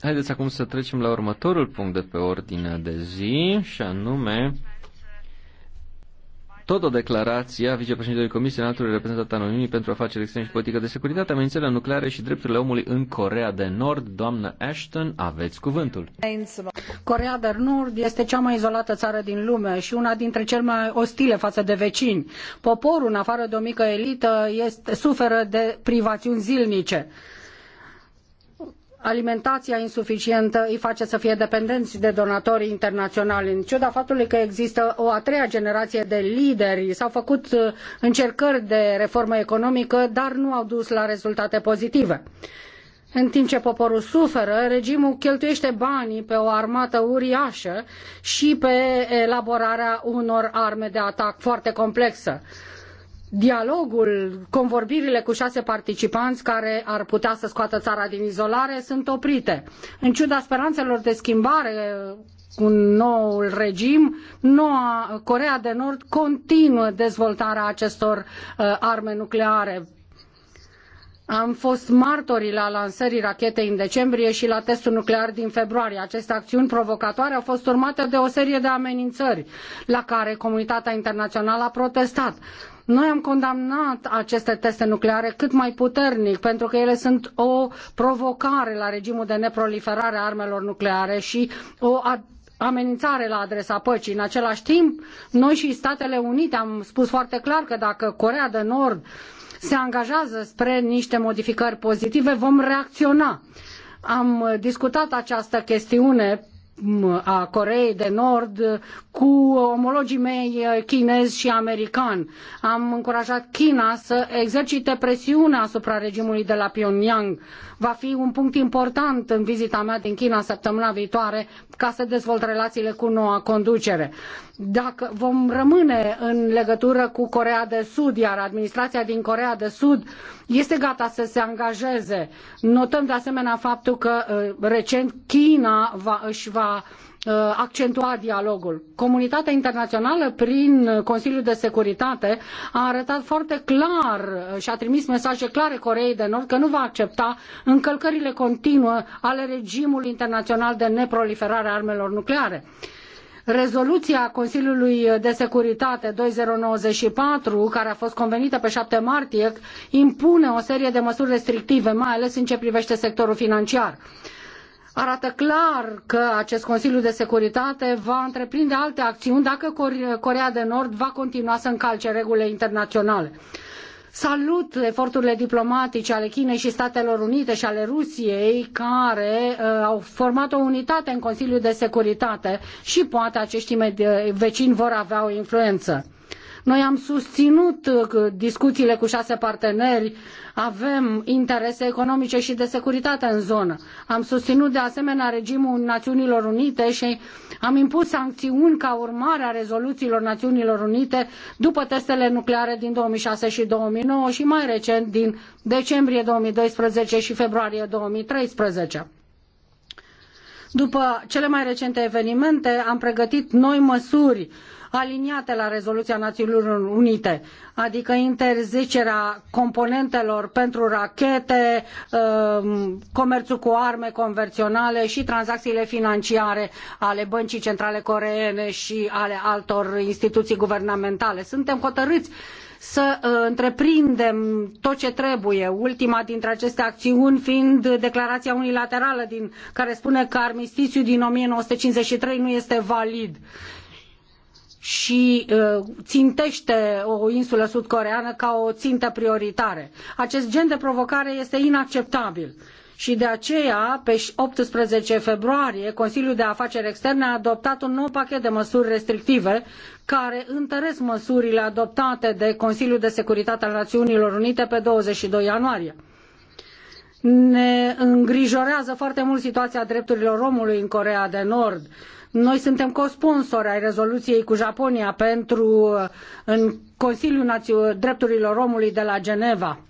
Haideți acum să trecem la următorul punct de pe ordinea de zi, și anume tot o declarație a vicepreședintelui Comisiei Înaltului Reprezentant Anonimii pentru Afaceri Externe și Politică de Securitate, amenințele nucleare și drepturile omului în Corea de Nord. Doamnă Ashton, aveți cuvântul. Corea de Nord este cea mai izolată țară din lume și una dintre cele mai ostile față de vecini. Poporul, în afară de o mică elită, este, suferă de privațiuni zilnice alimentația insuficientă îi face să fie dependenți de donatorii internaționali. În ciuda faptului că există o a treia generație de lideri, s-au făcut uh, încercări de reformă economică, dar nu au dus la rezultate pozitive. În timp ce poporul suferă, regimul cheltuiește banii pe o armată uriașă și pe elaborarea unor arme de atac foarte complexe dialogul, convorbirile cu șase participanți care ar putea să scoată țara din izolare sunt oprite. În ciuda speranțelor de schimbare cu noul regim, noua Corea de Nord continuă dezvoltarea acestor uh, arme nucleare. Am fost martorii la lansării rachetei în decembrie și la testul nuclear din februarie. Aceste acțiuni provocatoare au fost urmate de o serie de amenințări la care comunitatea internațională a protestat. Noi am condamnat aceste teste nucleare cât mai puternic, pentru că ele sunt o provocare la regimul de neproliferare a armelor nucleare și o amenințare la adresa păcii. În același timp, noi și Statele Unite am spus foarte clar că dacă Coreea de Nord se angajează spre niște modificări pozitive, vom reacționa. Am discutat această chestiune a Coreei de Nord cu omologii mei eh, chinezi și americani. Am încurajat China să exercite presiune asupra regimului de la Pyongyang va fi un punct important în vizita mea din China săptămâna viitoare ca să dezvolt relațiile cu noua conducere. Dacă vom rămâne în legătură cu Coreea de Sud, iar administrația din Coreea de Sud este gata să se angajeze, notăm de asemenea faptul că uh, recent China va, își va Uh, accentua dialogul. Comunitatea internațională, prin Consiliul de Securitate, a arătat foarte clar uh, și a trimis mesaje clare Coreei de Nord că nu va accepta încălcările continue ale regimului internațional de neproliferare a armelor nucleare. Rezoluția Consiliului de Securitate 2094, care a fost convenită pe 7 martie, impune o serie de măsuri restrictive, mai ales în ceea ce privește sectorul financiar arată clar că acest Consiliu de Securitate va întreprinde alte acțiuni dacă Coreea de Nord va continua să încalce regulile internaționale. Salut eforturile diplomatice ale Chinei și Statelor Unite și ale Rusiei care uh, au format o unitate în Consiliul de Securitate și poate acești vecini vor avea o influență. Noi am susținut uh, discuțiile cu șase parteneri, avem interese economice și de securitate în zonă. Am susținut de asemenea regimul Națiunilor Unite și am impus sancțiuni ca urmare a rezoluțiilor Națiunilor Unite după testele nucleare din 2006 și 2009 și mai recent din decembrie 2012 și februarie 2013. După cele mai recente evenimente, am pregătit noi măsuri uh, aliniate la rezoluția Națiunilor Unite, adică interzicerea componentelor pentru rachete, um, comerțul cu arme convenționale și tranzacțiile financiare ale Băncii Centrale Coreene și ale altor instituții guvernamentale. Suntem hotărâți să uh, întreprindem tot ce trebuie, ultima dintre aceste acțiuni fiind declarația unilaterală din, care spune că armistițiul din 1953 nu este valid. Uh, și uh, țintește o insulă sudcoreană ca o țintă prioritară. Acest gen de provocare este inacceptabil. Și de aceea, pe 18 februarie, Consiliul de Afaceri Externe a adoptat un nou pachet de măsuri restrictive care întăresc măsurile adoptate de Consiliul de Securitate al Națiunilor Unite pe 22 ianuarie ne îngrijorează foarte mult situația drepturilor omului în Coreea de Nord. Noi suntem cosponsori ai rezoluției cu Japonia pentru în Consiliul Națiu- Drepturilor Omului de la Geneva.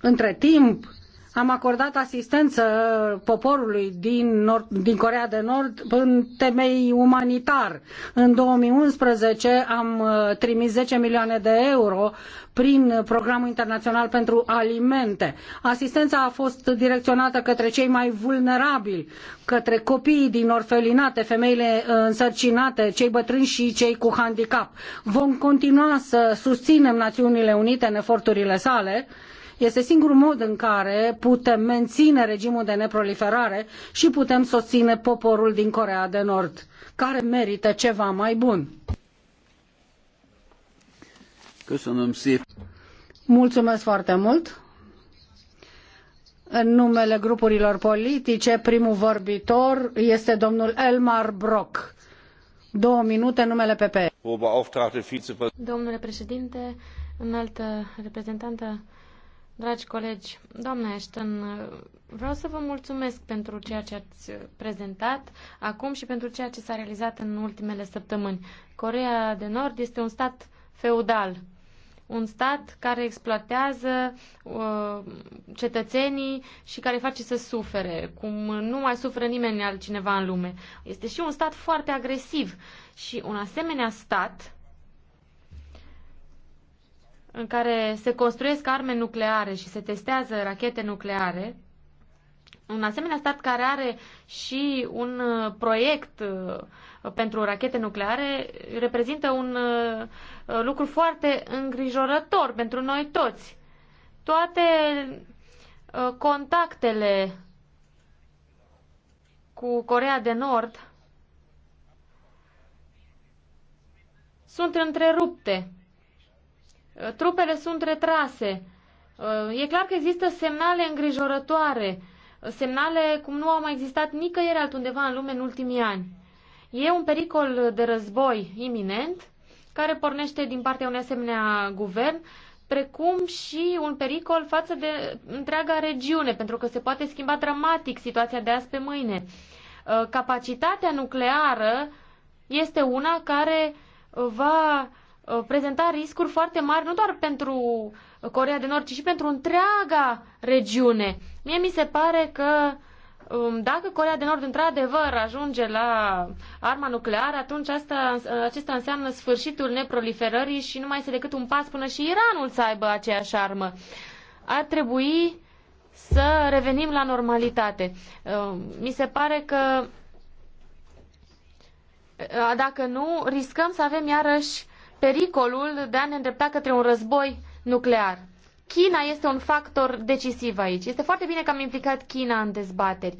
Între timp, am acordat asistență poporului din, Nord, din Corea de Nord în temei umanitar. În 2011 am uh, trimis 10 milioane de euro prin programul internațional pentru alimente. Asistența a fost direcționată către cei mai vulnerabili, către copiii din orfelinate, femeile însărcinate, cei bătrâni și cei cu handicap. Vom continua să susținem Națiunile Unite în eforturile sale este singurul mod în care putem menține regimul de neproliferare și putem susține poporul din Corea de Nord, care merită ceva mai bun. Mulțumesc foarte mult. În numele grupurilor politice, primul vorbitor este domnul Elmar Brok. Două minute, numele PP. Domnule președinte, înaltă reprezentantă, Dragi colegi, doamna Ashton, vreau să vă mulțumesc pentru ceea ce ați prezentat acum și pentru ceea ce s-a realizat în ultimele săptămâni. Corea de Nord este un stat feudal, un stat care exploatează uh, cetățenii și care face să sufere, cum nu mai suferă nimeni altcineva în lume. Este și un stat foarte agresiv și un asemenea stat în care se construiesc arme nucleare și se testează rachete nucleare, un asemenea stat care are și un uh, proiect uh, pentru rachete nucleare reprezintă un uh, lucru foarte îngrijorător pentru noi toți. Toate contactele cu Corea de Nord sunt întrerupte Trupele sunt retrase. Uh, e clar că există semnale îngrijorătoare, uh, semnale cum nu au mai existat nicăieri altundeva în lume în ultimii ani. E un pericol de război iminent care pornește din partea unui asemenea guvern, precum și un pericol față de întreaga regiune, pentru că se poate schimba dramatic situația de azi pe mâine. Uh, capacitatea nucleară este una care va Uh, prezenta riscuri foarte mari, nu doar pentru Corea de Nord, ci și pentru întreaga regiune. Mie mi se pare că um, dacă Corea de Nord într-adevăr ajunge la arma nucleară, atunci asta, uh, acesta înseamnă sfârșitul neproliferării și nu mai este decât un pas până și Iranul să aibă aceeași armă. Ar trebui să revenim la normalitate. Uh, mi se pare că dacă nu, riscăm să avem iarăși pericolul de a ne îndrepta către un război nuclear. China este un factor decisiv aici. Este foarte bine că am implicat China în dezbateri.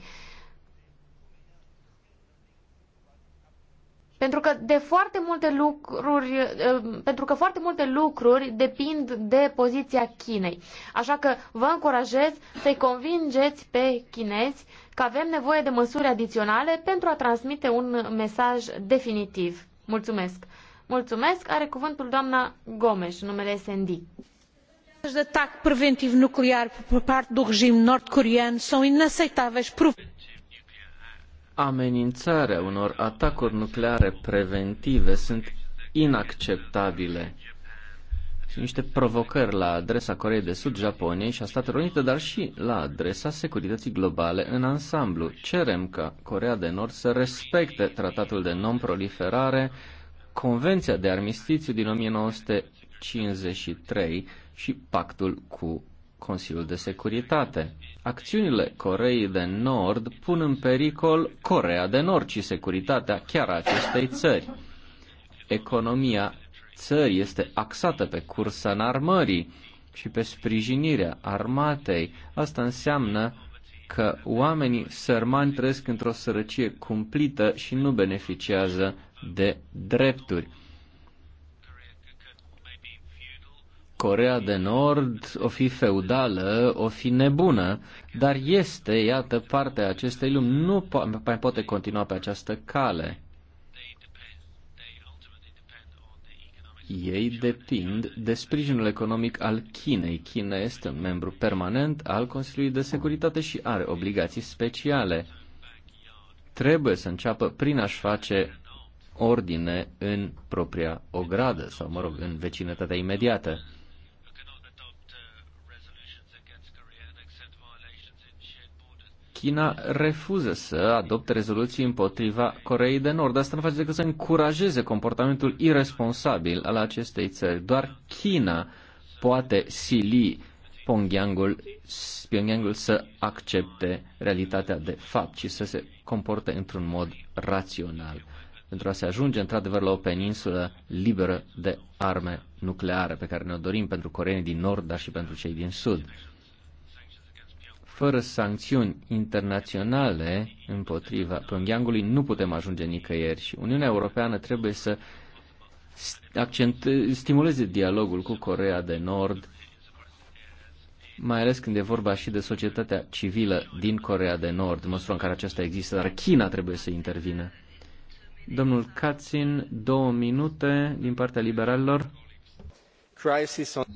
Pentru că de foarte multe lucruri, uh, pentru că foarte multe lucruri depind de poziția Chinei. Așa că vă încurajez să-i convingeți pe chinezi că avem nevoie de măsuri adiționale pentru a transmite un mesaj definitiv. Mulțumesc! Mulțumesc. Are cuvântul doamna Gomes, numele SND. Os ataque preventivo nuclear por parte do regime norte-coreano são inaceitáveis. Amenințarea unor atacuri nucleare preventive sunt inacceptabile Sunt niște provocări la adresa Coreei de Sud, Japoniei și a Statelor Unite, dar și la adresa securității globale în ansamblu. Cerem ca Corea de Nord să respecte tratatul de non-proliferare, Convenția de Armistițiu din 1953 și pactul cu Consiliul de Securitate. Acțiunile Coreei de Nord pun în pericol Corea de Nord și securitatea chiar a acestei țări. Economia țării este axată pe cursa în armării și pe sprijinirea armatei. Asta înseamnă că oamenii sărmani trăiesc într-o sărăcie cumplită și nu beneficiază de drepturi. Corea de Nord o fi feudală, o fi nebună, dar este, iată, partea acestei lumi. Nu po- mai poate continua pe această cale. ei depind de sprijinul economic al Chinei. China este un membru permanent al Consiliului de Securitate și are obligații speciale. Trebuie să înceapă prin a-și face ordine în propria ogradă sau, mă rog, în vecinătatea imediată. China refuză să adopte rezoluții împotriva Coreei de Nord. Asta nu face decât să încurajeze comportamentul irresponsabil al acestei țări. Doar China poate sili Pyongyangul, Pyongyangul să accepte realitatea de fapt și să se comporte într-un mod rațional pentru a se ajunge într-adevăr la o peninsulă liberă de arme nucleare pe care ne-o dorim pentru coreenii din nord, dar și pentru cei din sud. Fără sancțiuni internaționale împotriva Pyongyangului nu putem ajunge nicăieri și Uniunea Europeană trebuie să accent, stimuleze dialogul cu Corea de Nord, mai ales când e vorba și de societatea civilă din Corea de Nord, în măsura în care aceasta există, dar China trebuie să intervină. Domnul Katsin, două minute din partea liberalilor.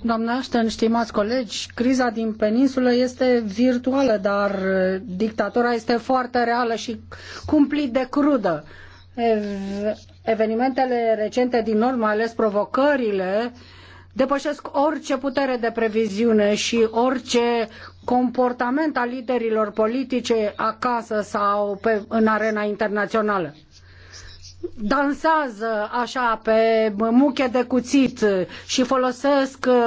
Doamna Ashton, stimați colegi, criza din peninsulă este virtuală, dar eh, dictatura este foarte reală și cumplit de crudă. Evenimentele recente din nord, mai ales provocările, depășesc orice putere de previziune și orice comportament al liderilor politice acasă sau pe, în arena internațională dansează așa pe muche de cuțit și folosesc uh,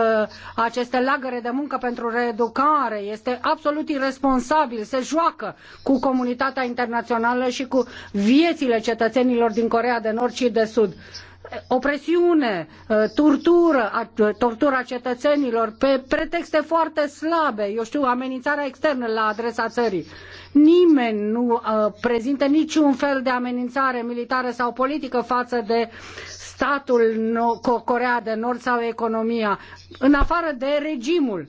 aceste lagăre de muncă pentru reeducare, este absolut irresponsabil, se joacă cu comunitatea internațională și cu viețile cetățenilor din Coreea de Nord și de Sud opresiune, uh, tortură, uh, tortura cetățenilor pe pretexte foarte slabe, eu știu, amenințarea externă la adresa țării. Nimeni nu uh, prezintă niciun fel de amenințare militară sau politică față de statul Corea de Nord sau economia, în afară de regimul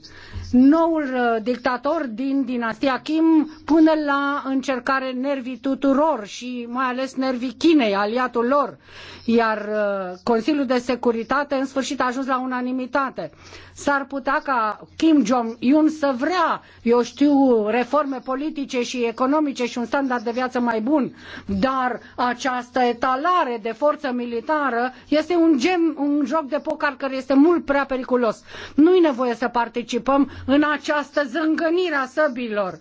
noul uh, dictator din dinastia Kim pune la încercare nervii tuturor și mai ales nervii Chinei, aliatul lor. Iar uh, Consiliul de Securitate în sfârșit a ajuns la unanimitate. S-ar putea ca Kim Jong-un să vrea, eu știu, reforme politice și economice și un standard de viață mai bun, dar această etalare de forță militară este un, gem, un joc de poker care este mult prea periculos. Nu e nevoie să participăm în această zângănire a săbilor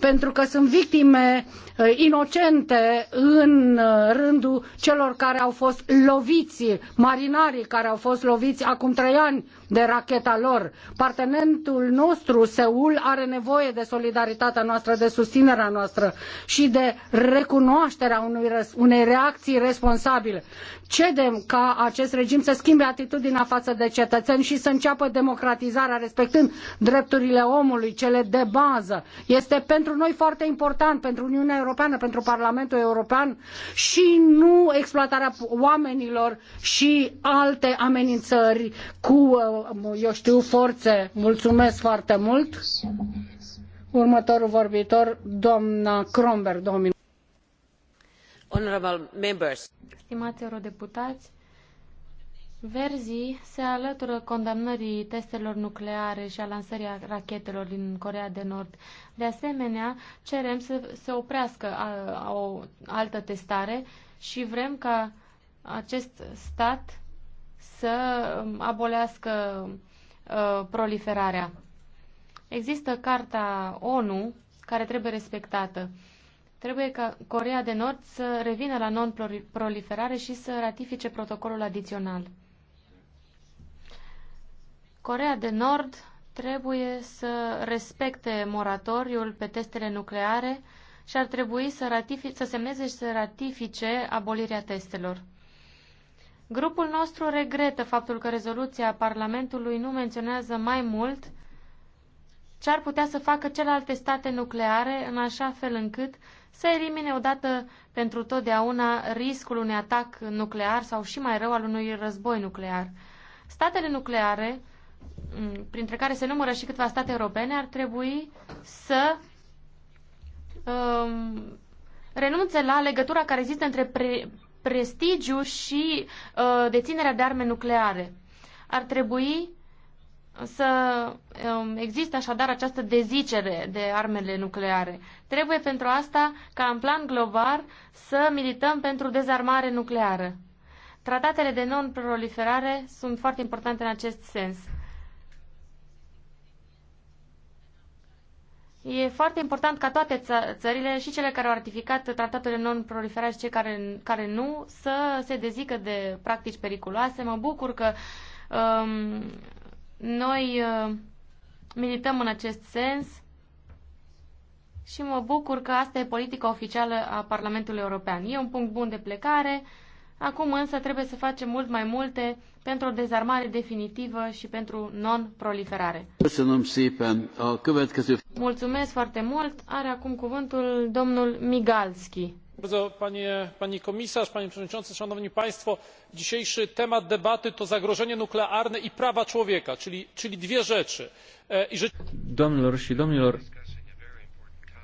pentru că sunt victime eh, inocente în eh, rândul celor care au fost loviți, marinarii care au fost loviți acum trei ani de racheta lor. Partenerul nostru, Seul, are nevoie de solidaritatea noastră, de susținerea noastră și de recunoașterea unui, unei reacții responsabile. Cedem ca acest regim să schimbe atitudinea față de cetățeni și să înceapă democratizarea respectând drepturile omului, cele de bază. Este pentru noi foarte important, pentru Uniunea Europeană, pentru Parlamentul European și nu exploatarea oamenilor și alte amenințări cu uh, eu știu, forțe. Mulțumesc foarte mult. Următorul vorbitor, doamna Cromberg, Honorable members. Stimați eurodeputați, Verzii se alătură condamnării testelor nucleare și a lansării rachetelor din Corea de Nord. De asemenea, cerem să se oprească a, a o altă testare și vrem ca acest stat să abolească uh, proliferarea. Există Carta ONU care trebuie respectată. Trebuie ca Corea de Nord să revină la non-proliferare și să ratifice protocolul adițional. Corea de Nord trebuie să respecte moratoriul pe testele nucleare și ar trebui să, ratific, să semneze și să ratifice abolirea testelor. Grupul nostru regretă faptul că rezoluția Parlamentului nu menționează mai mult ce ar putea să facă celelalte state nucleare în așa fel încât să elimine odată pentru totdeauna riscul unui atac nuclear sau și mai rău al unui război nuclear. Statele nucleare, printre care se numără și câteva state europene, ar trebui să um, renunțe la legătura care există între pre prestigiu și uh, deținerea de arme nucleare. Ar trebui să um, există așadar această dezicere de armele nucleare. Trebuie pentru asta ca în plan global să milităm pentru dezarmare nucleară. Tratatele de non-proliferare sunt foarte importante în acest sens. E foarte important ca toate ță- țările și cele care au ratificat tratatele non-proliferare și cei care, care nu să se dezică de practici periculoase. Mă bucur că um, noi uh, milităm în acest sens și mă bucur că asta e politica oficială a Parlamentului European. E un punct bun de plecare. Acum însă trebuie să facem mult mai multe pentru o dezarmare definitivă și pentru non-proliferare. Mulțumesc foarte mult. Are acum cuvântul domnul Migalski. Panie, pani komisarz, panie przewodniczący, szanowni państwo, dzisiejszy temat debaty to zagrożenie nuklearne i prawa człowieka, czyli, czyli dwie rzeczy. I że... Domnilor și domnilor,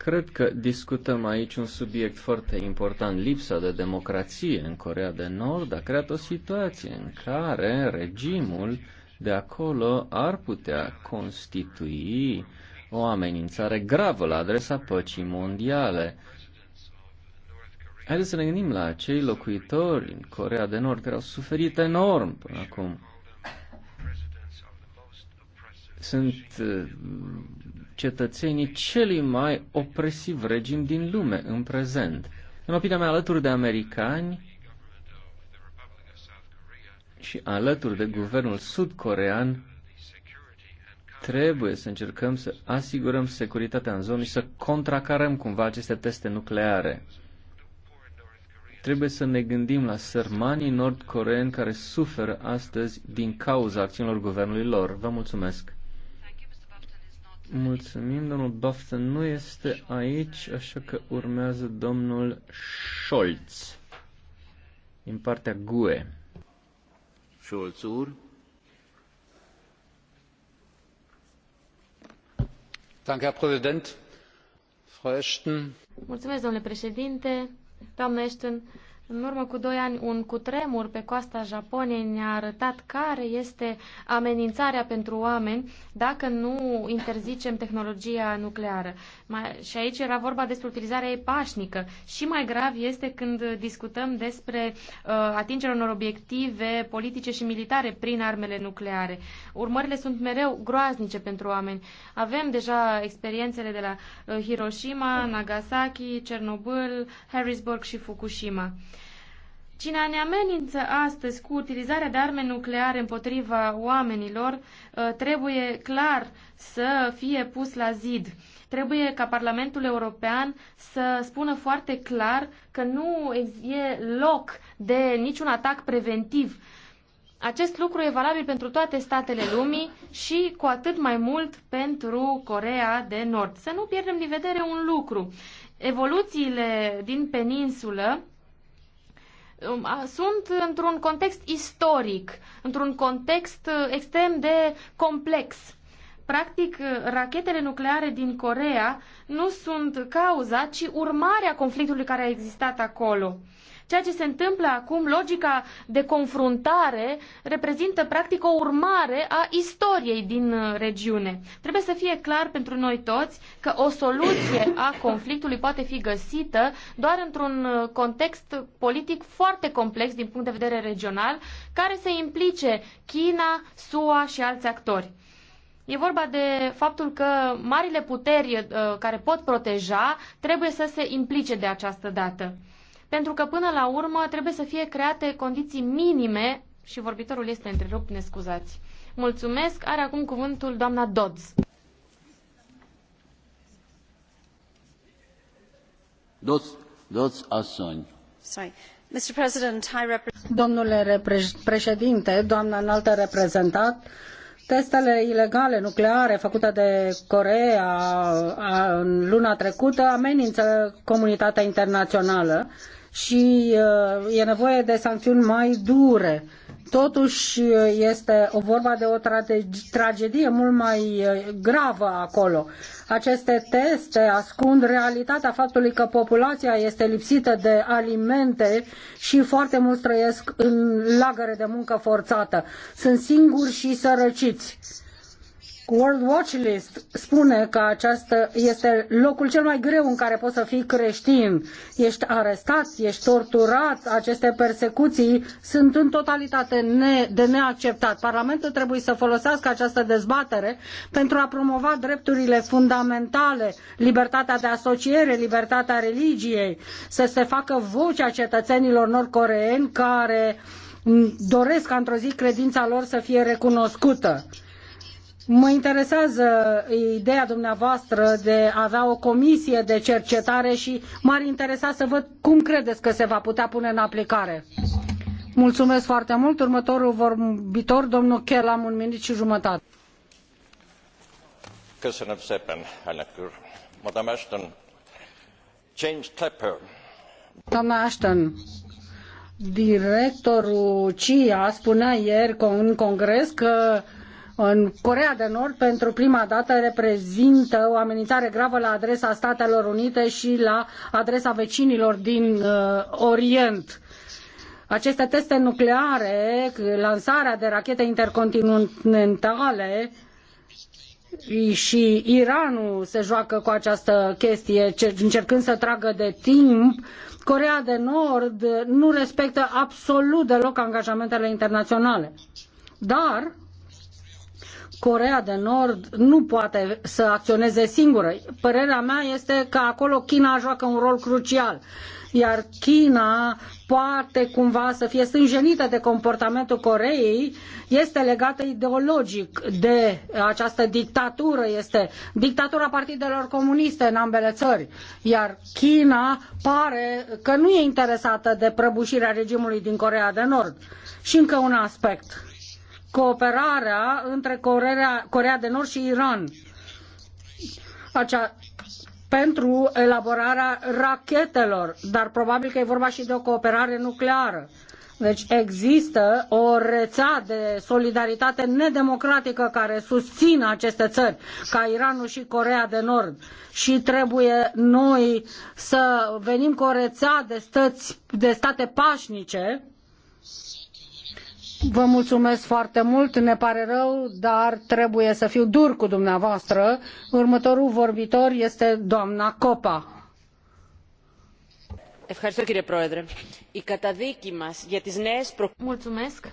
Cred că discutăm aici un subiect foarte important. Lipsa de democrație în Corea de Nord a creat o situație în care regimul de acolo ar putea constitui o amenințare gravă la adresa păcii mondiale. Haideți să ne gândim la cei locuitori în Corea de Nord care au suferit enorm până acum. Sunt cetățenii celui mai opresiv regim din lume în prezent. În opinia mea, alături de americani și alături de guvernul sud-corean, trebuie să încercăm să asigurăm securitatea în zonă și să contracarăm cumva aceste teste nucleare. Trebuie să ne gândim la sărmanii nord-coreeni care suferă astăzi din cauza acțiunilor guvernului lor. Vă mulțumesc! Mulțumim, domnul Baftă nu este aici, așa că urmează domnul Scholz din partea GUE. Scholz ur. Danke, Herr Präsident. Frau Ashton. Mulțumesc, domnule președinte. Doamnă Ashton, în urmă cu doi ani, un cutremur pe coasta Japoniei ne-a arătat care este amenințarea pentru oameni dacă nu interzicem tehnologia nucleară. Mai, și aici era vorba despre utilizarea ei pașnică. Și mai grav este când discutăm despre uh, atingerea unor obiective politice și militare prin armele nucleare. Urmările sunt mereu groaznice pentru oameni. Avem deja experiențele de la uh, Hiroshima, Nagasaki, Chernobyl, Harrisburg și Fukushima. Cine ne amenință astăzi cu utilizarea de arme nucleare împotriva oamenilor uh, trebuie clar să fie pus la zid. Trebuie ca Parlamentul European să spună foarte clar că nu e loc de niciun atac preventiv. Acest lucru e valabil pentru toate statele lumii și cu atât mai mult pentru Corea de Nord. Să nu pierdem din vedere un lucru. Evoluțiile din peninsulă sunt într-un context istoric, într-un context uh, extrem de complex. Practic, uh, rachetele nucleare din Corea nu sunt cauza, ci urmarea conflictului care a existat acolo. Ceea ce se întâmplă acum, logica de confruntare, reprezintă practic o urmare a istoriei din uh, regiune. Trebuie să fie clar pentru noi toți că o soluție a conflictului poate fi găsită doar într-un uh, context politic foarte complex din punct de vedere regional, care să implice China, SUA și alți actori. E vorba de faptul că marile puteri uh, care pot proteja trebuie să se implice de această dată pentru că până la urmă trebuie să fie create condiții minime și vorbitorul este întrerupt, ne scuzați. Mulțumesc, are acum cuvântul doamna Dodds. Dodds, Dodds Asson. Sorry. Mr. President, High Domnule președinte, doamna înaltă reprezentat, Testele ilegale nucleare făcute de Coreea în luna trecută amenință comunitatea internațională și uh, e nevoie de sancțiuni mai dure. Totuși uh, este o vorba de o tragedie mult mai uh, gravă acolo. Aceste teste ascund realitatea faptului că populația este lipsită de alimente și foarte mulți trăiesc în lagăre de muncă forțată. Sunt singuri și sărăciți World Watch List spune că acesta este locul cel mai greu în care poți să fii creștin. Ești arestat, ești torturat, aceste persecuții sunt în totalitate ne, de neacceptat. Parlamentul trebuie să folosească această dezbatere pentru a promova drepturile fundamentale, libertatea de asociere, libertatea religiei, să se facă vocea cetățenilor nordcoreeni care doresc ca într-o zi credința lor să fie recunoscută Mă interesează ideea dumneavoastră de a avea o comisie de cercetare și m-ar interesa să văd cum credeți că se va putea pune în aplicare. Mulțumesc foarte mult. Următorul vorbitor, domnul Chelam, un minut și jumătate. Köszönöm szépen, elnök úr. Madame Ashton, James Clapper. Doamna Ashton, directorul CIA spunea ieri în congres că în Corea de Nord pentru prima dată reprezintă o amenințare gravă la adresa Statelor Unite și la adresa vecinilor din uh, Orient. Aceste teste nucleare, lansarea de rachete intercontinentale și Iranul se joacă cu această chestie, încercând să tragă de timp. Coreea de Nord nu respectă absolut deloc angajamentele internaționale. Dar Corea de Nord nu poate să acționeze singură. Părerea mea este că acolo China joacă un rol crucial iar China poate cumva să fie stânjenită de comportamentul Coreei, este legată ideologic de această dictatură, este dictatura partidelor comuniste în ambele țări, iar China pare că nu e interesată de prăbușirea regimului din Coreea de Nord. Și încă un aspect cooperarea între Corea, Corea de Nord și Iran. Acea, pentru elaborarea rachetelor, dar probabil că e vorba și de o cooperare nucleară. Deci există o rețea de solidaritate nedemocratică care susține aceste țări, ca Iranul și Corea de Nord. Și trebuie noi să venim cu o rețea de, stăți, de state pașnice Vă mulțumesc foarte mult, ne pare rău, dar trebuie să fiu dur cu dumneavoastră. Următorul vorbitor este doamna Copa. Mulțumesc.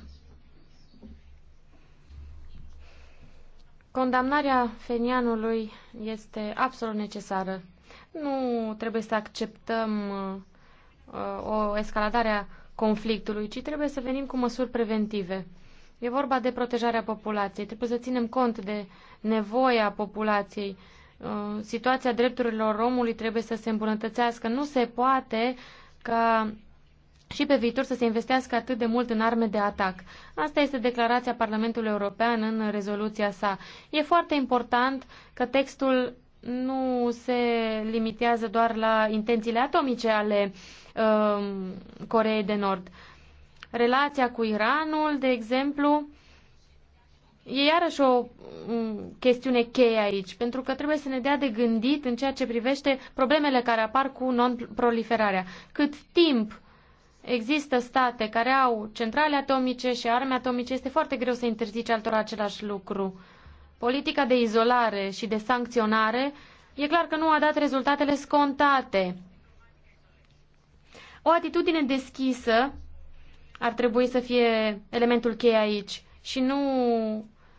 Condamnarea Fenianului este absolut necesară. Nu trebuie să acceptăm uh, o escaladare a conflictului, ci trebuie să venim cu măsuri preventive. E vorba de protejarea populației. Trebuie să ținem cont de nevoia populației. Uh, situația drepturilor omului trebuie să se îmbunătățească. Nu se poate ca și pe viitor să se investească atât de mult în arme de atac. Asta este declarația Parlamentului European în rezoluția sa. E foarte important că textul nu se limitează doar la intențiile atomice ale uh, Um, Coreei de Nord. Relația cu Iranul, de exemplu, e iarăși o um, chestiune cheie aici, pentru că trebuie să ne dea de gândit în ceea ce privește problemele care apar cu non-proliferarea. Cât timp există state care au centrale atomice și arme atomice, este foarte greu să interzice altora același lucru. Politica de izolare și de sancționare e clar că nu a dat rezultatele scontate. O atitudine deschisă ar trebui să fie elementul cheie aici și nu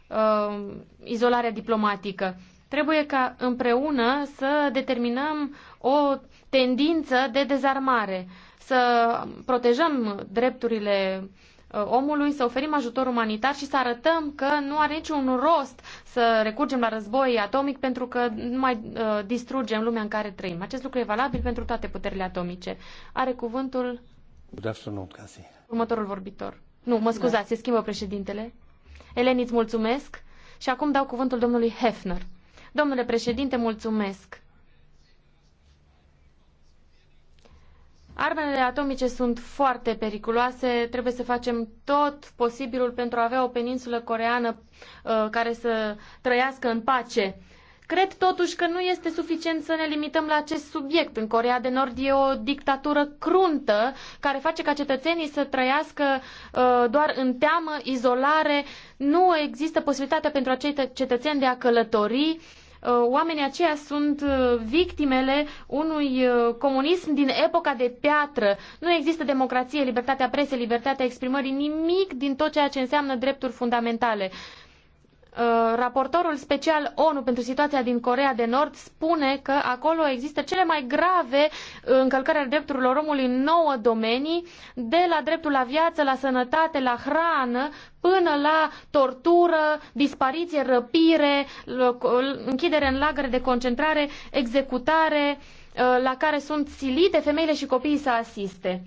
uh, izolarea diplomatică. Trebuie ca împreună să determinăm o tendință de dezarmare, să protejăm drepturile Uh, omului, să oferim ajutor umanitar și să arătăm că nu are niciun rost să recurgem la război atomic pentru că nu mai uh, distrugem lumea în care trăim. Acest lucru e valabil pentru toate puterile atomice. Are cuvântul următorul vorbitor. Nu, mă scuzați, se schimbă președintele. Eleni, îți mulțumesc și acum dau cuvântul domnului Hefner. Domnule președinte, mulțumesc. Armele atomice sunt foarte periculoase, trebuie să facem tot posibilul pentru a avea o peninsulă coreană uh, care să trăiască în pace. Cred totuși că nu este suficient să ne limităm la acest subiect. În Corea de Nord e o dictatură cruntă care face ca cetățenii să trăiască uh, doar în teamă, izolare. Nu există posibilitatea pentru acei cetățeni de a călători. Uh, Uh, oamenii aceia sunt uh, victimele unui uh, comunism din epoca de piatră. Nu există democrație, libertatea presei, libertatea exprimării, nimic din tot ceea ce înseamnă drepturi fundamentale. Uh, raportorul special ONU pentru situația din Corea de Nord spune că acolo există cele mai grave încălcări ale drepturilor omului în nouă domenii, de la dreptul la viață, la sănătate, la hrană, până la tortură, dispariție, răpire, închidere în lagăre de concentrare, executare, uh, la care sunt silite femeile și copiii să asiste.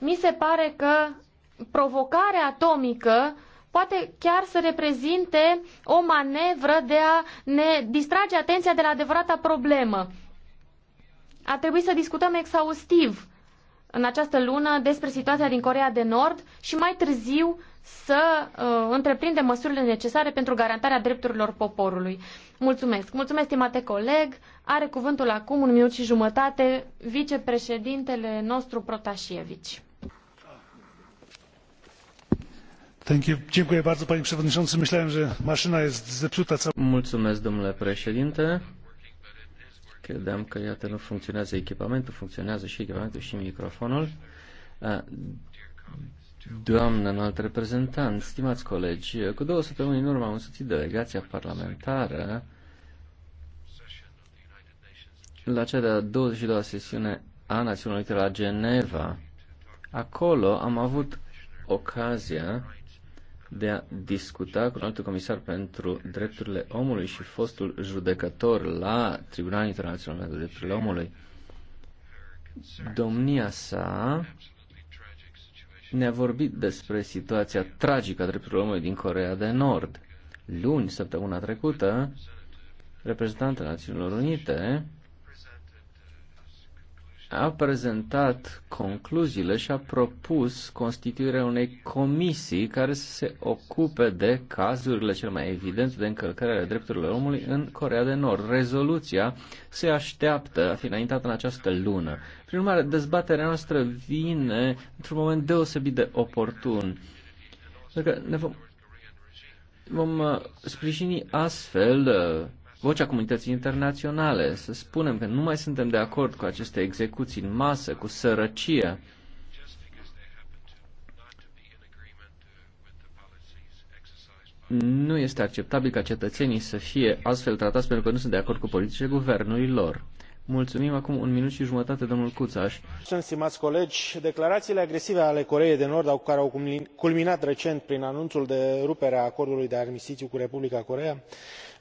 Mi se pare că provocarea atomică poate chiar să reprezinte o manevră de a ne distrage atenția de la adevărata problemă. A trebuit să discutăm exhaustiv în această lună despre situația din Corea de Nord și mai târziu să uh, întreprindem măsurile necesare pentru garantarea drepturilor poporului. Mulțumesc. Mulțumesc, stimate coleg. Are cuvântul acum un minut și jumătate vicepreședintele nostru Protașievici. Mulțumesc, domnule președinte. Credeam că, iată, nu funcționează echipamentul, funcționează și echipamentul și microfonul. Doamnă înalt reprezentant, stimați colegi, cu două săptămâni în urmă am însuțit delegația parlamentară la cea de-a 22-a sesiune a Națiunilor Unite la Geneva. Acolo am avut ocazia de a discuta cu un alt comisar pentru drepturile omului și fostul judecător la Tribunalul Internațional pentru Drepturile Omului. Domnia sa ne-a vorbit despre situația tragică a drepturilor omului din Corea de Nord. Luni, săptămâna trecută, reprezentantul Națiunilor Unite a prezentat concluziile și a propus constituirea unei comisii care să se ocupe de cazurile cel mai evidente de încălcare ale drepturilor omului în Corea de Nord. Rezoluția se așteaptă a fi înaintată în această lună. Prin urmare, dezbaterea noastră vine într-un moment deosebit de oportun. Pentru că ne vom, vom uh, sprijini astfel uh, vocea comunității internaționale, să spunem că nu mai suntem de acord cu aceste execuții în masă, cu sărăcie. Nu este acceptabil ca cetățenii să fie astfel tratați pentru că nu sunt de acord cu politicile guvernului lor. Mulțumim acum un minut și jumătate, domnul Cuțaș. Stimați colegi, declarațiile agresive ale Coreei de Nord, care au culminat recent prin anunțul de rupere a acordului de armistițiu cu Republica Coreea,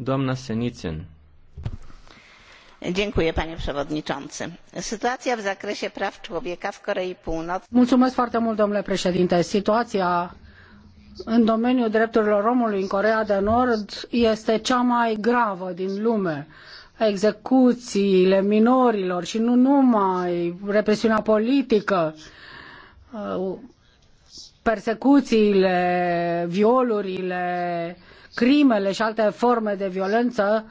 Doamna Senițin. Sytuacja w zakresie praw człowieka w Korei Północnej. Mulțumesc foarte mult, domnule președinte. Situația în domeniul drepturilor omului în Coreea de Nord este cea mai gravă din lume. Execuțiile minorilor și nu numai, represiunea politică, uh, persecuțiile, violurile, crimele și alte forme de violență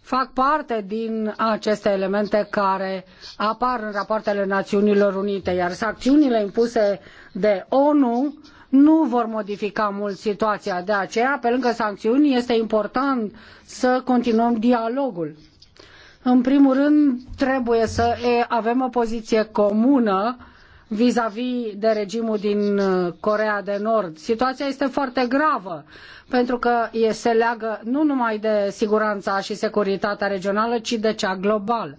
fac parte din aceste elemente care apar în rapoartele Națiunilor Unite, iar sancțiunile impuse de ONU nu vor modifica mult situația. De aceea, pe lângă sancțiuni, este important să continuăm dialogul. În primul rând, trebuie să avem o poziție comună vis-a-vis de regimul din uh, Corea de Nord. Situația este foarte gravă pentru că se leagă nu numai de siguranța și securitatea regională, ci de cea globală.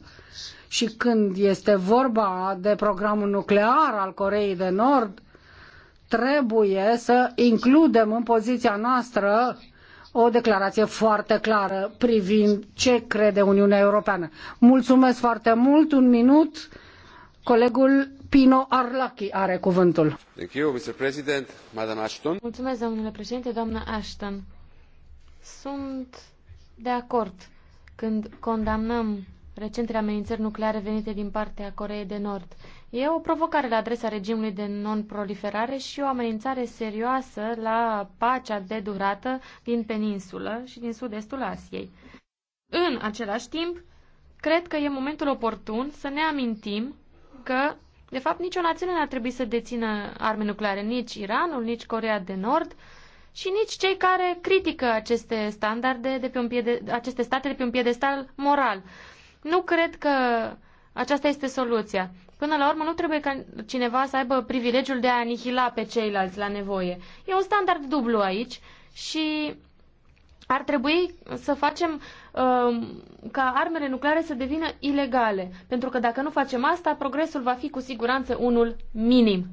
Și când este vorba de programul nuclear al Coreei de Nord, trebuie să includem în poziția noastră o declarație foarte clară privind ce crede Uniunea Europeană. Mulțumesc foarte mult. Un minut, colegul Pino Arlachi are cuvântul. Thank you, Mr. President, Madam Ashton. Mulțumesc, domnule președinte, doamnă Ashton. Sunt de acord când condamnăm recentele amenințări nucleare venite din partea Coreei de Nord. E o provocare la adresa regimului de non-proliferare și o amenințare serioasă la pacea de durată din peninsulă și din sud-estul Asiei. În același timp, cred că e momentul oportun să ne amintim că de fapt, nicio națiune n-ar trebui să dețină arme nucleare, nici Iranul, nici Corea de Nord și nici cei care critică aceste standarde de pe un piede, aceste state de pe un piedestal moral. Nu cred că aceasta este soluția. Până la urmă, nu trebuie ca cineva să aibă privilegiul de a anihila pe ceilalți la nevoie. E un standard dublu aici și ar trebui să facem Um, ca armele nucleare să devină ilegale. Pentru că dacă nu facem asta, progresul va fi cu siguranță unul minim.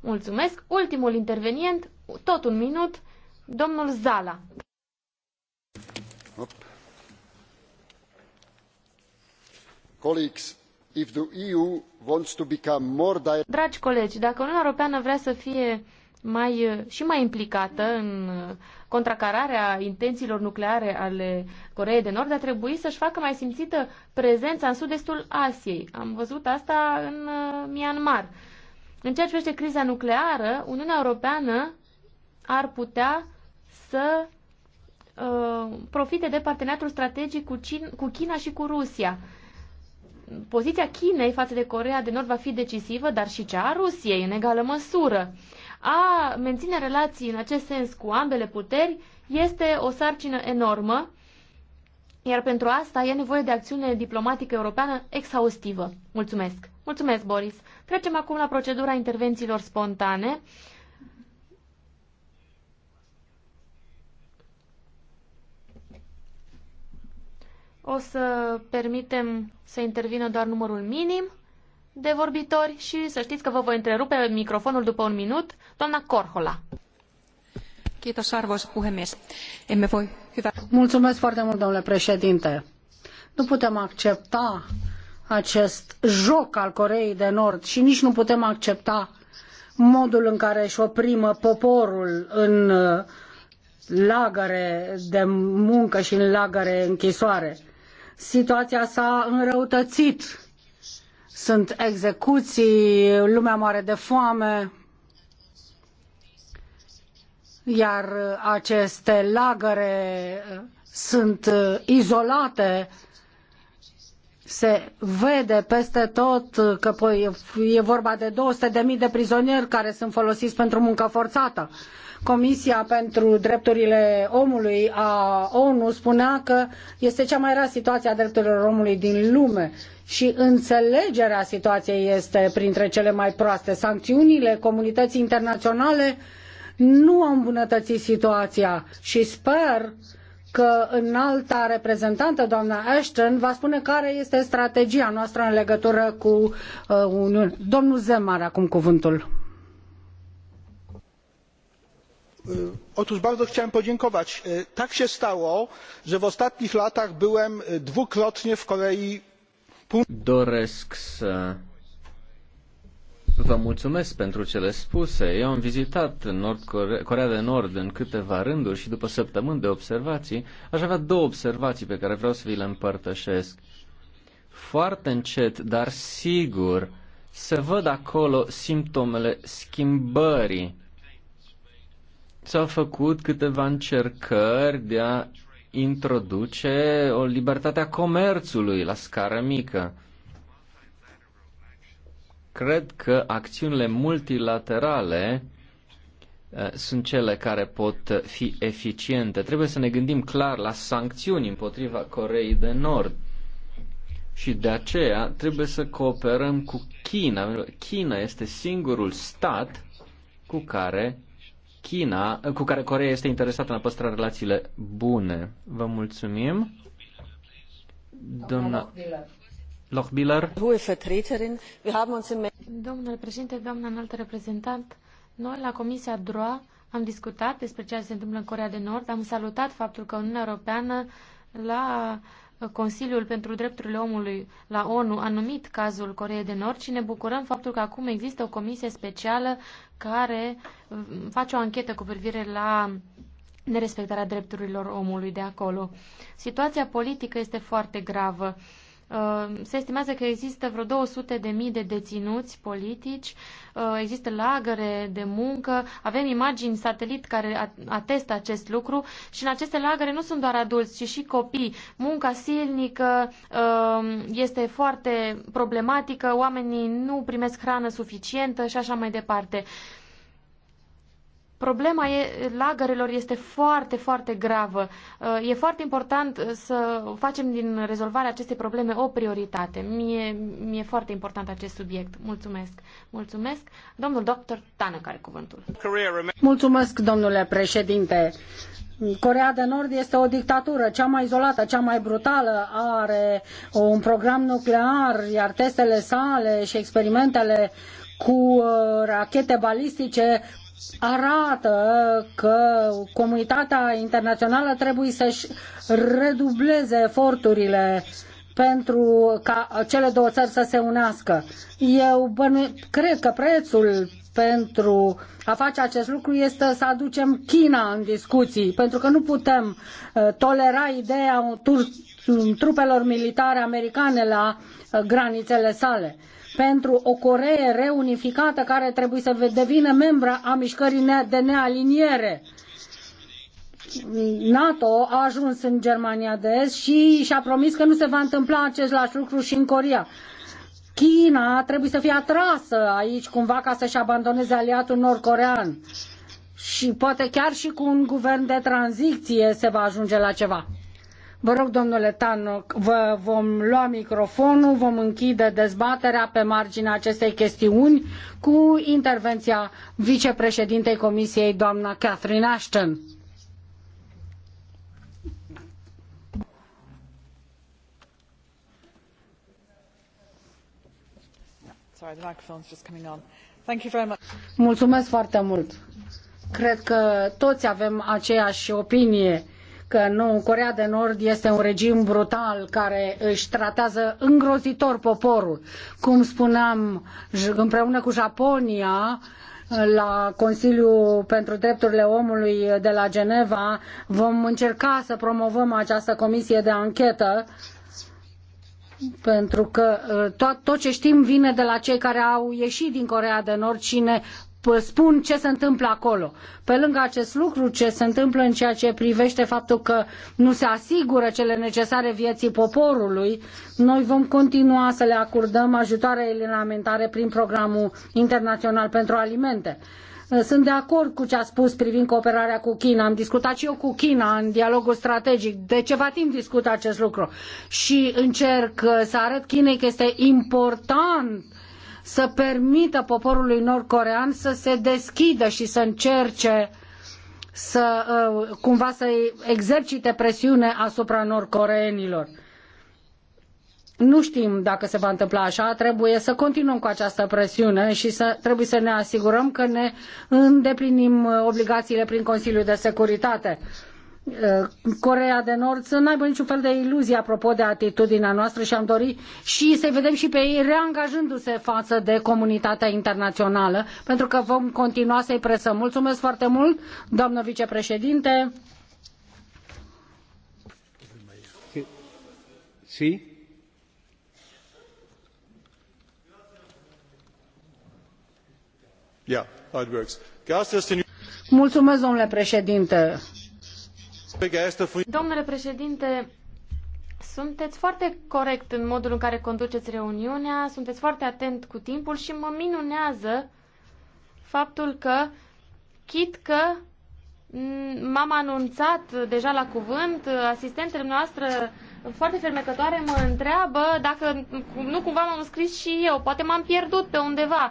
Mulțumesc. Ultimul intervenient, tot un minut, domnul Zala. Op. if the EU wants to become more direct... Dragi colegi, dacă Uniunea Europeană vrea să fie mai, uh, și mai implicată în uh, contracararea intențiilor nucleare ale Coreei de Nord a trebuit să-și facă mai simțită prezența în sud-estul Asiei. Am văzut asta în uh, Myanmar. În ceea ce privește criza nucleară, Uniunea Europeană ar putea să uh, profite de parteneriatul strategic cu, Cin- cu China și cu Rusia. Poziția Chinei față de Corea de Nord va fi decisivă, dar și cea a Rusiei, în egală măsură. Uh, a menține relații în acest sens cu ambele puteri este o sarcină enormă, iar pentru asta e nevoie de acțiune diplomatică europeană exhaustivă. Mulțumesc! Mulțumesc, Boris! Trecem acum la procedura intervențiilor spontane. O să permitem să intervină doar numărul minim de vorbitori și să știți că vă voi întrerupe microfonul după un minut. Doamna Corhola. Kiitos, arvoisa puhemies. Emme voi hyvä... Mulțumesc foarte mult, domnule președinte. Nu putem accepta acest joc al Coreei de Nord și nici nu putem accepta modul în care își oprimă poporul în uh, lagăre de muncă și în lagăre închisoare. Situația s-a înrăutățit sunt execuții, lumea moare de foame, iar aceste lagăre uh, sunt uh, izolate, se vede peste tot că păi, e vorba de 200.000 de prizonieri care sunt folosiți pentru muncă forțată. Comisia pentru Drepturile Omului a ONU spunea că este cea mai rea situație a drepturilor omului din lume și înțelegerea situației este printre cele mai proaste. Sancțiunile comunității internaționale nu au îmbunătățit situația și sper că înalta reprezentantă, doamna Ashton, va spune care este strategia noastră în legătură cu uh, Uniunea. Domnul Zemar, acum cuvântul otóż bardzo chciałem podziękować. tak się stało że w ostatnich latach byłem dwukrotnie w korei północnej. pentru cele spuse. Eu am vizitat de Nord câteva rânduri și după săptămâni de observații, două observații pe care vreau să Foarte încet, dar sigur, se văd acolo simptomele schimbării s-au făcut câteva încercări de a introduce o libertate a comerțului la scară mică. Cred că acțiunile multilaterale eh, sunt cele care pot fi eficiente. Trebuie să ne gândim clar la sancțiuni împotriva Coreei de Nord. Și de aceea trebuie să cooperăm cu China. China este singurul stat cu care China, cu care Corea este interesată în a păstra relațiile bune. Vă mulțumim. Doamna Lochbiller. Domnule președinte, doamna înaltă reprezentant, noi la Comisia DROA am discutat despre ceea ce se întâmplă în Corea de Nord, am salutat faptul că Uniunea Europeană la Consiliul pentru Drepturile Omului la ONU a numit cazul Coreei de Nord și ne bucurăm faptul că acum există o comisie specială care uh, face o anchetă cu privire la nerespectarea drepturilor omului de acolo. Situația politică este foarte gravă. Uh, se estimează că există vreo 200 de mii de deținuți politici, uh, există lagăre de muncă, avem imagini satelit care atestă acest lucru și în aceste lagăre nu sunt doar adulți, ci și copii. Munca silnică uh, este foarte problematică, oamenii nu primesc hrană suficientă și așa mai departe. Problema e, lagărelor este foarte, foarte gravă. Uh, e foarte important uh, să facem din rezolvarea acestei probleme o prioritate. Mie, mie e foarte important acest subiect. Mulțumesc. Mulțumesc. Domnul doctor Tană care cuvântul. Mulțumesc, domnule președinte. Coreea de Nord este o dictatură, cea mai izolată, cea mai brutală, are un program nuclear, iar testele sale și experimentele cu uh, rachete balistice arată că comunitatea internațională trebuie să-și redubleze eforturile pentru ca cele două țări să se unească. Eu bănu- cred că prețul pentru a face acest lucru este să aducem China în discuții, pentru că nu putem uh, tolera ideea trupelor militare americane la uh, granițele sale pentru o Coree reunificată care trebuie să devină membra a mișcării de nealiniere. NATO a ajuns în Germania de Est și și-a promis că nu se va întâmpla același lucru și în Coreea. China trebuie să fie atrasă aici cumva ca să-și abandoneze aliatul nord-corean. Și poate chiar și cu un guvern de tranziție se va ajunge la ceva. Vă rog, domnule Tanoc, vă vom lua microfonul, vom închide dezbaterea pe marginea acestei chestiuni cu intervenția vicepreședintei Comisiei, doamna Catherine Ashton. Mulțumesc foarte mult. Cred că toți avem aceeași opinie că nu, Corea de Nord este un regim brutal care își tratează îngrozitor poporul. Cum spuneam, împreună cu Japonia, la Consiliul pentru Drepturile Omului de la Geneva vom încerca să promovăm această comisie de anchetă pentru că uh, tot, tot ce știm vine de la cei care au ieșit din Corea de Nord, cine spun ce se întâmplă acolo. Pe lângă acest lucru, ce se întâmplă în ceea ce privește faptul că nu se asigură cele necesare vieții poporului, noi vom continua să le acordăm ajutoare alimentare prin programul internațional pentru alimente. Sunt de acord cu ce a spus privind cooperarea cu China. Am discutat și eu cu China în dialogul strategic. De ceva timp discut acest lucru. Și încerc să arăt Chinei că este important să permită poporului nord-corean să se deschidă și să încerce să uh, cumva să exercite presiune asupra nordcoreenilor. Nu știm dacă se va întâmpla așa, trebuie să continuăm cu această presiune și să, trebuie să ne asigurăm că ne îndeplinim uh, obligațiile prin Consiliul de Securitate. Uh, Corea de Nord să nu aibă niciun fel de iluzie apropo de atitudinea noastră și am dori și să-i vedem și pe ei reangajându-se față de comunitatea internațională, pentru că vom continua să-i presăm. Mulțumesc foarte mult, doamnă vicepreședinte. Sí. Yeah, it works. Mulțumesc, domnule președinte. Domnule președinte, sunteți foarte corect în modul în care conduceți reuniunea, sunteți foarte atent cu timpul și mă minunează faptul că, chit că m-am anunțat deja la cuvânt, asistentele noastre foarte fermecătoare mă întreabă dacă nu cumva m-am scris și eu, poate m-am pierdut pe undeva.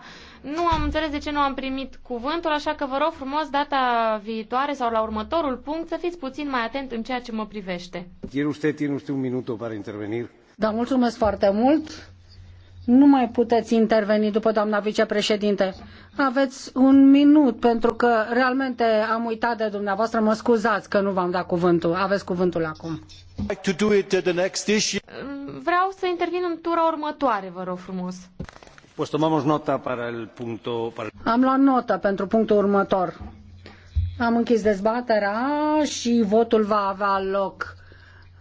Nu am înțeles de ce nu am primit cuvântul, așa că vă rog frumos data viitoare sau la următorul punct să fiți puțin mai atent în ceea ce mă privește. Ieri usted tiene usted un minut para intervenir. Da, mulțumesc foarte mult. Nu mai puteți interveni după doamna vicepreședinte. Aveți un minut, pentru că realmente am uitat de dumneavoastră. Mă scuzați că nu v-am dat cuvântul. Aveți cuvântul acum. Vreau să intervin în tura următoare, vă rog frumos. Am luat notă pentru punctul următor. Am închis dezbaterea și votul va avea loc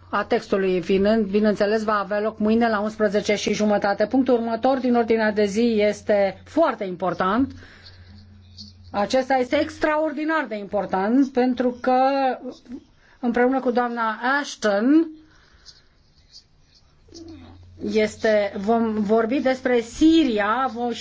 a textului fiind, bineînțeles, va avea loc mâine la 11 și jumătate. Punctul următor din ordinea de zi este foarte important. Acesta este extraordinar de important pentru că împreună cu doamna Ashton este, vom vorbi despre Siria vom.